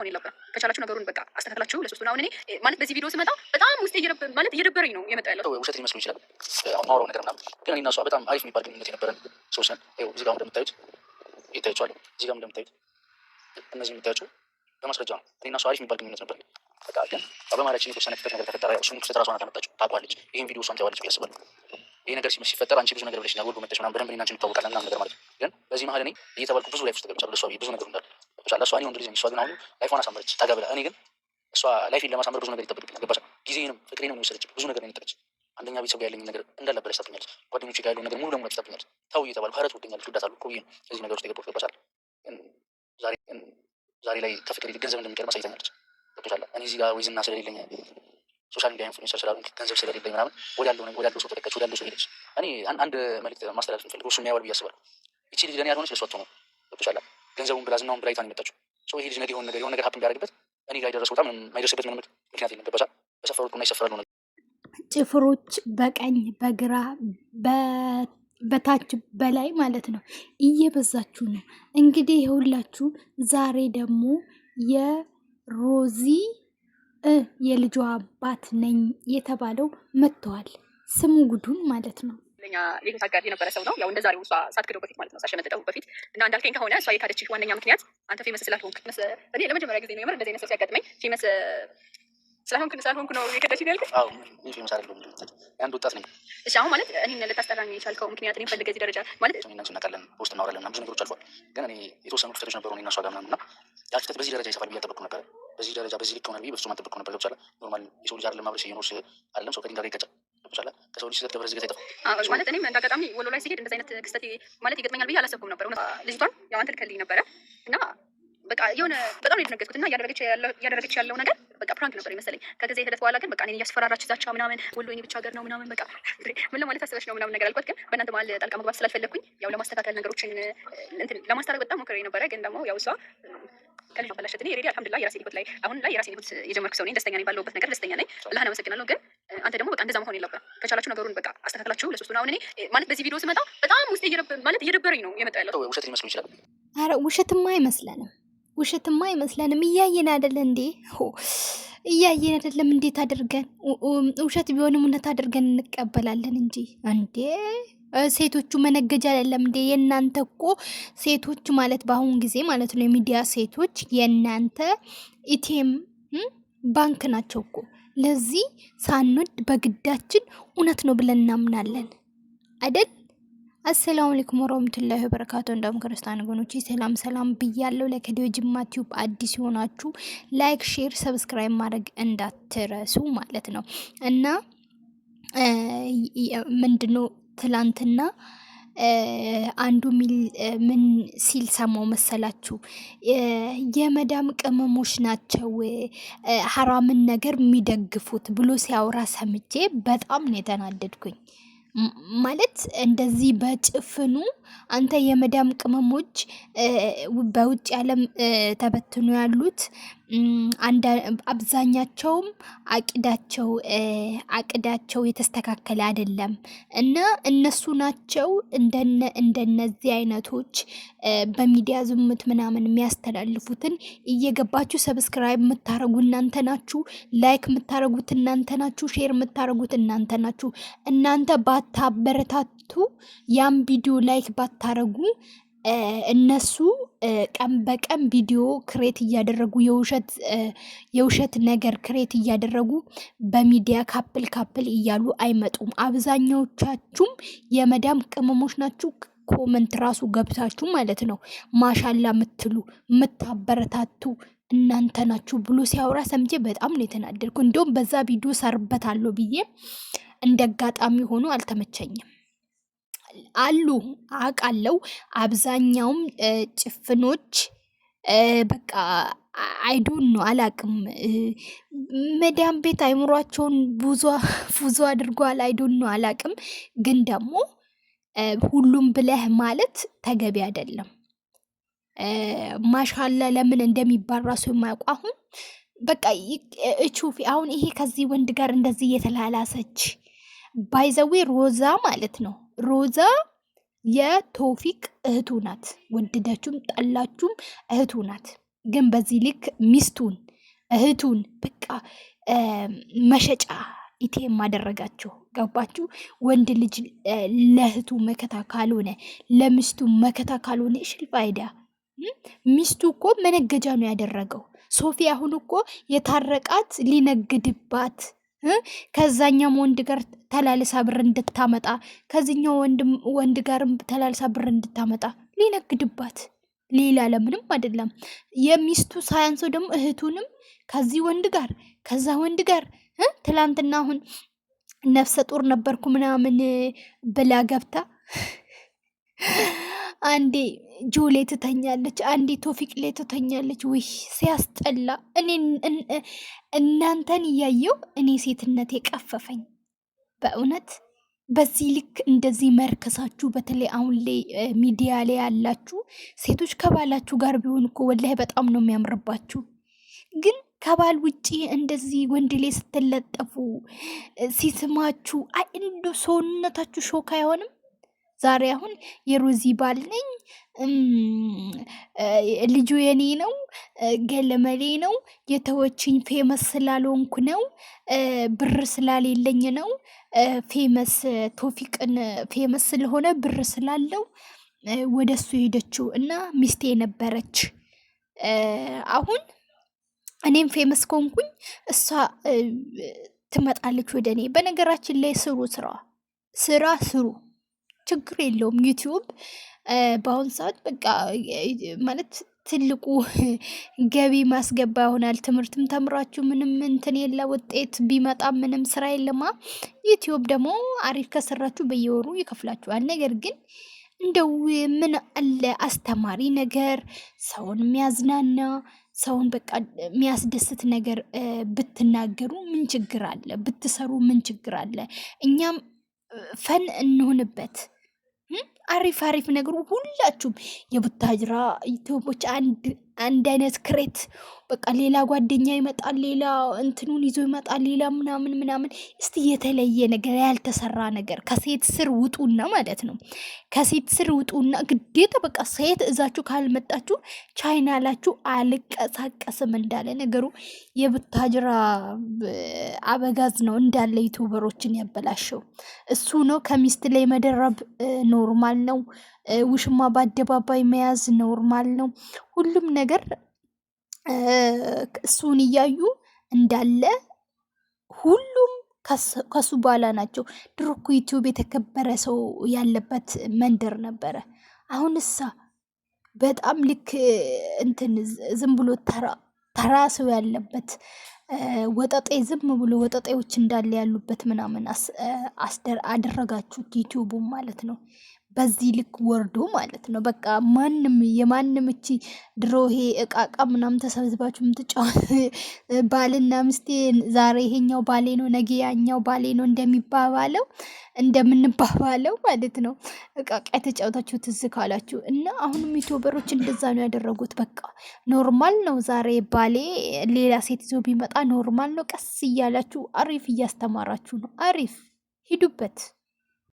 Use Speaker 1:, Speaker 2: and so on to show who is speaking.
Speaker 1: ሆን ከቻላችሁ ነገሩን በቃ አስተካክላችሁ ለሶስቱ አሁን እኔ ማለት በዚህ ቪዲዮ ስመጣ በጣም ውስጤ ማለት እየደበረኝ ነው የመጣ
Speaker 2: ያለው። ውሸት ሊመስሉ ይችላል አሁን ነገር ምናምን፣ ግን እኔና እሷ በጣም አሪፍ የሚባል ግንኙነት የነበረን ሰዎች ነን። እዚህ ጋር እንደምታዩት ይታያቸዋል። እዚህ ጋር እንደምታዩት እነዚህ የምታያቸው በማስረጃ ነው። እኔና እሷ አሪፍ የሚባል ግንኙነት ነበር። በቃ ግን በመሀላችን የተወሰነ ክፍተት ነገር ተፈጠረ። እሱን ክፍተት ራሷ ናት ያመጣችው። ታውቋለች። ይህን ቪዲዮ እሷም ብዬ አስባለሁ። ይህ ነገር ሲፈጠር አንቺ ብዙ ነገር ብለሽኛል። ወልዶ መጠሽ ምናምን በደንብ እኔና አንቺ ምናምን ነገር ማለት ግን በዚህ መሀል እኔ እየተባልኩ ብዙ ላይፍ ውስጥ ገብቻለሁ። ለእሷ ብዙ ነገር እንዳለ ገብቶሻል። እሷ እኔ ወንድ ልጅ እሷ ግን አሁን ላይፏን አሳመረች ጠጋ እኔ ግን እሷ ላይፌን ለማሳመር ብዙ ነገር ይጠበቅብኛል። ገባሽ? ጊዜንም ፍቅሬንም የወሰደችብኝ ብዙ ነገር ነው የነጠቀች። አንደኛ ቤተሰብ ጋር ያለኝ ነገር እንዳለ በላሽ ታብኛለች። ጋር ያለውን ነገር ሙሉ ለሙሉ ታብኛለች። ተው እየተባልኩ ኧረ ትወደኛለች፣ ትወዳታለህ እኮ ብዬሽ ነው እዚህ ነገር ውስጥ የገባሁት። ገባሻል? ዛሬ ላይ ከፍቅር ገንዘብ እንደሚቀድም አሳይታኛለች። ገብቶሻል? እኔ እዚህ ጋር ወይ ስለሌለኝ ሶሻል ሚዲያ ኢንፍሉዌንሰር ስላልሆንክ ገንዘብ ስለሌለኝ ምናምን ወዳለው ወዳለው ሰው ተለቀች፣ ወዳለው ሰው ሄደች። እኔ አንድ መልዕክት ማስተላለፍ የምፈልገው እሱ የሚያወል ብዬሽ አስባለሁ። ይቺ ልጅ ለእኔ ያልሆነች ለእሷ አትሆንም። ገብቶሻል? ገንዘቡን ብላ ዝናውን ብላ ይታን የመጣችው ሰው ይሄ ልጅ ነዲ የሆነ ነገር የሆነ ነገር ሀብት ቢያደርግበት እኔ ጋር የደረሰው በጣም የማይደርስበት ምንም ምክንያት የለም። ገባሻ? በሰፈሩት ቁና ይሰፍራሉ ነገር
Speaker 3: ጭፍሮች በቀኝ በግራ በታች በላይ ማለት ነው እየበዛችሁ ነው። እንግዲህ የሁላችሁ ዛሬ ደግሞ የሮዚ የልጇ አባት ነኝ የተባለው መጥተዋል። ስሙ ጉዱን ማለት ነው።
Speaker 1: ለኛ ሌሎች አጋር የነበረ ሰው ነው። ያው እንደ ዛሬው እሷ ሳትክደው በፊት ማለት ነው ሳሸመጠጠው በፊት እና እንዳልከኝ ከሆነ እሷ የካደችህ ዋነኛ ምክንያት አንተ ፌመስ ስላልሆንክ። እኔ ለመጀመሪያ ጊዜ ነው የምር እንደዚህ አይነት ሰው ሲያጋጥመኝ ፌመስ ስላልሆንክ ስላልሆንኩ ነው አንድ ወጣት ነኝ። እሺ አሁን ማለት እኔን ልታስጠራኝ የቻልከው ምክንያት እኔ ፈልገህ እዚህ ደረጃ ማለት
Speaker 2: ናችን እናውቃለን፣ በውስጥ እናወራለን እና ብዙ ነገሮች አልፏል። ግን እኔ የተወሰኑ ክፍተቶች ነበሩ እኔ እና እሷ ጋር ምናምን እና ያ ክፍተት በዚህ ደረጃ ይሰፋል ብዬ አልጠበቅኩም ነበረ። በዚህ ደረጃ በዚህ ልክ ብዬ በፍጹም ነበር። ገብቶሃል? ኖርማል የሰው ልጅ አይደለም አብረሽ አይደለም ሰው ጋር ይቀጫል ይሻላል። ከሰው ልጅ ስህተት ደብረ አይጠፋም።
Speaker 1: ማለት እኔም እንደ ወሎ ላይ ሲሄድ እንደዚህ አይነት ክስተት ማለት ይገጥመኛል ብዬ አላሰብኩም ነበር። ልጅቷን ያው አንተ ልከልኝ ነበረ እና በቃ የሆነ በጣም የደነገጥኩት እና እያደረገች ያለው ነገር በቃ ፕራንክ ነበር ይመስለኝ። ከጊዜ ሂደት በኋላ ግን በቃ እኔን እያስፈራራች ዛቻ ምናምን ወሎ የእኔ ብቻ ሀገር ነው ምናምን በቃ ምን ለማለት አስበሽ ነው ምናምን ነገር አልኳት። ግን በእናንተ መሀል ጣልቃ መግባት ስላልፈለግኩኝ ያው ለማስተካከል ነገሮችን ለማስታረቅ በጣም ሞክሬ ነበረ። ግን ደግሞ ያው እሷ ቀን ማበላሸት እኔ ሬዲ አልሐምዱሊላህ የራሴን ህይወት ላይ አሁን ላይ የራሴን ህይወት የጀመርኩ ሰው ነኝ። ደስተኛ ነኝ፣ ባለሁበት ነገር ደስተኛ ነኝ። አላህን አመሰግናለሁ። ግን አንተ ደግሞ በቃ እንደዛ መሆን የለብህም። ከቻላችሁ ነገሩን በቃ አስተካክላችሁ ለሶስቱ አሁን እኔ ማለት በዚህ ቪዲዮ ስመጣ በጣም ውስጥ ማለት እየደበረኝ ነው የመጣ
Speaker 2: ያለው ውሸት ሊመስሉ ይችላል።
Speaker 3: አረ ውሸትማ አይመስለንም፣ ውሸትማ አይመስለንም። እያየን አይደለ እንዴ? እያየን አይደለም? እንዴት አድርገን ውሸት ቢሆንም እውነት አድርገን እንቀበላለን እንጂ እንዴ ሴቶቹ መነገጃ አይደለም እንዴ? የእናንተ እኮ ሴቶች ማለት በአሁን ጊዜ ማለት ነው የሚዲያ ሴቶች የእናንተ ኢቴም ባንክ ናቸው እኮ። ለዚህ ሳንወድ በግዳችን እውነት ነው ብለን እናምናለን አይደል? አሰላሙ አለይኩም ወራህመቱላሂ ወበረካቱ። እንደም ክርስቲያን ወገኖች ሰላም ሰላም ብያለሁ። ለከዲዮ ጅማ ቲዩብ አዲስ የሆናችሁ ላይክ፣ ሼር፣ ሰብስክራይብ ማድረግ እንዳትረሱ ማለት ነው እና ምንድነው ትላንትና አንዱ ምን ሲል ሰማው መሰላችሁ? የመዳም ቅመሞች ናቸው ሀራምን ነገር የሚደግፉት ብሎ ሲያወራ ሰምቼ በጣም ነው የተናደድኩኝ። ማለት እንደዚህ በጭፍኑ አንተ የመዳም ቅመሞች በውጭ ዓለም ተበትኖ ያሉት አብዛኛቸውም አቅዳቸው አቅዳቸው የተስተካከለ አይደለም እና እነሱ ናቸው እንደነዚህ አይነቶች በሚዲያ ዝምት ምናምን የሚያስተላልፉትን እየገባችሁ ሰብስክራይብ የምታረጉ እናንተ ናችሁ፣ ላይክ የምታረጉት እናንተ ናችሁ፣ ሼር የምታረጉት እናንተ ናችሁ። እናንተ ባታበረታቱ ያም ቪዲዮ ላይክ ባታረጉ እነሱ ቀን በቀን ቪዲዮ ክሬት እያደረጉ የውሸት ነገር ክሬት እያደረጉ በሚዲያ ካፕል ካፕል እያሉ አይመጡም። አብዛኛዎቻችሁም የመዳም ቅመሞች ናችሁ። ኮመንት ራሱ ገብታችሁ ማለት ነው ማሻላ ምትሉ ምታበረታቱ እናንተ ናችሁ ብሎ ሲያወራ ሰምቼ በጣም ነው የተናደድኩ። እንዲሁም በዛ ቪዲዮ ሰርበታለሁ ብዬ እንደ አጋጣሚ ሆኖ አልተመቸኝም። አሉ አውቃለሁ። አብዛኛውም ጭፍኖች በቃ አይዶን ነው አላቅም። መዳም ቤት አይምሯቸውን ፉዞ አድርጓል። አይዶን ነው አላቅም። ግን ደግሞ ሁሉም ብለህ ማለት ተገቢ አይደለም። ማሻላ ለምን እንደሚባል ራሱ የማያውቁ አሁን በቃ እቹፊ አሁን ይሄ ከዚህ ወንድ ጋር እንደዚህ እየተላላሰች ባይዘዌ ሮዛ ማለት ነው ሮዛ የቶፊቅ እህቱ ናት። ወደዳችሁም ጠላችሁም እህቱ ናት። ግን በዚህ ልክ ሚስቱን እህቱን በቃ መሸጫ ኢቴም ማደረጋችሁ ገባችሁ? ወንድ ልጅ ለእህቱ መከታ ካልሆነ ለሚስቱ መከታ ካልሆነ እሽል ፋይዳ ሚስቱ እኮ መነገጃ ነው ያደረገው። ሶፊ አሁን እኮ የታረቃት ሊነግድባት ከዛኛም ወንድ ጋር ተላልሳ ብር እንድታመጣ ከዚኛው ወንድ ጋርም ተላልሳ ብር እንድታመጣ ሊነግድባት ሌላ ለምንም አይደለም። የሚስቱ ሳያንሰው ደግሞ እህቱንም ከዚህ ወንድ ጋር ከዛ ወንድ ጋር ትላንትና አሁን ነፍሰ ጡር ነበርኩ ምናምን ብላ ገብታ አንዴ ጆ ላይ ትተኛለች፣ አንዴ ቶፊቅ ላይ ትተኛለች። ውይ ሲያስጠላ! እናንተን እያየው እኔ ሴትነት የቀፈፈኝ በእውነት በዚህ ልክ እንደዚህ መርከሳችሁ፣ በተለይ አሁን ላይ ሚዲያ ላይ ያላችሁ ሴቶች ከባላችሁ ጋር ቢሆን እኮ ወላሂ በጣም ነው የሚያምርባችሁ። ግን ከባል ውጪ እንደዚህ ወንድ ላይ ስትለጠፉ ሲስማችሁ፣ አይ እንዱ ሰውነታችሁ ሾክ አይሆንም? ዛሬ አሁን የሮዚ ባል ነኝ፣ ልጁ የኔ ነው፣ ገለመሌ ነው፣ የተወችኝ ፌመስ ስላልሆንኩ ነው፣ ብር ስላሌለኝ ነው፣ ፌመስ ቶፊቅን ፌመስ ስለሆነ ብር ስላለው ወደ እሱ ሄደችው እና ሚስቴ ነበረች። አሁን እኔም ፌመስ ከሆንኩኝ እሷ ትመጣለች ወደ እኔ። በነገራችን ላይ ስሩ፣ ስራ ስራ ስሩ። ችግር የለውም። ዩቲዩብ በአሁን ሰዓት በቃ ማለት ትልቁ ገቢ ማስገባ ይሆናል። ትምህርትም ተምራችሁ ምንም እንትን የለ ውጤት ቢመጣ ምንም ስራ የለማ። ዩቲዩብ ደግሞ አሪፍ ከሰራችሁ በየወሩ ይከፍላችኋል። ነገር ግን እንደው ምን አለ አስተማሪ ነገር ሰውን የሚያዝናና ሰውን በቃ የሚያስደስት ነገር ብትናገሩ ምን ችግር አለ? ብትሰሩ ምን ችግር አለ? እኛም ፈን እንሁንበት። Hmm? አሪፍ አሪፍ ነገሩ ሁላችሁም የቡታጅራ ዩቲዩቦች አንድ አንድ አይነት ክሬት በቃ ሌላ ጓደኛ ይመጣል፣ ሌላ እንትኑን ይዞ ይመጣል፣ ሌላ ምናምን ምናምን። እስቲ የተለየ ነገር ያልተሰራ ነገር ከሴት ስር ውጡና ማለት ነው። ከሴት ስር ውጡና ግዴታ በቃ ሴት እዛችሁ ካልመጣችሁ ቻይና ላችሁ አልቀሳቀስም እንዳለ ነገሩ የቡታጅራ አበጋዝ ነው እንዳለ ዩቱበሮችን ያበላሸው እሱ ነው። ከሚስት ላይ መደረብ ኖርማል ነው። ውሽማ በአደባባይ መያዝ ኖርማል ነው። ሁሉም ነገር እሱን እያዩ እንዳለ ሁሉም ከሱ በኋላ ናቸው። ድሮ እኮ ዩቲዩብ የተከበረ ሰው ያለበት መንደር ነበረ። አሁን እሳ በጣም ልክ እንትን ዝም ብሎ ተራ ሰው ያለበት ወጠጤ ዝም ብሎ ወጠጤዎች እንዳለ ያሉበት ምናምን አደረጋችሁት ዩቲዩቡ ማለት ነው። በዚህ ልክ ወርዶ ማለት ነው። በቃ ማንም የማንም እቺ ድሮ ይሄ እቃቃ ምናምን ተሰብስባችሁ የምትጫወት ባልና ምስቴ ዛሬ ይሄኛው ባሌ ነው ነገ ያኛው ባሌ ነው እንደሚባባለው እንደምንባባለው ማለት ነው። እቃቃ የተጫወታችሁ ትዝ ካላችሁ እና አሁንም ዩቱበሮች እንደዛ ነው ያደረጉት። በቃ ኖርማል ነው። ዛሬ ባሌ ሌላ ሴት ይዞ ቢመጣ ኖርማል ነው። ቀስ እያላችሁ አሪፍ እያስተማራችሁ ነው። አሪፍ ሂዱበት።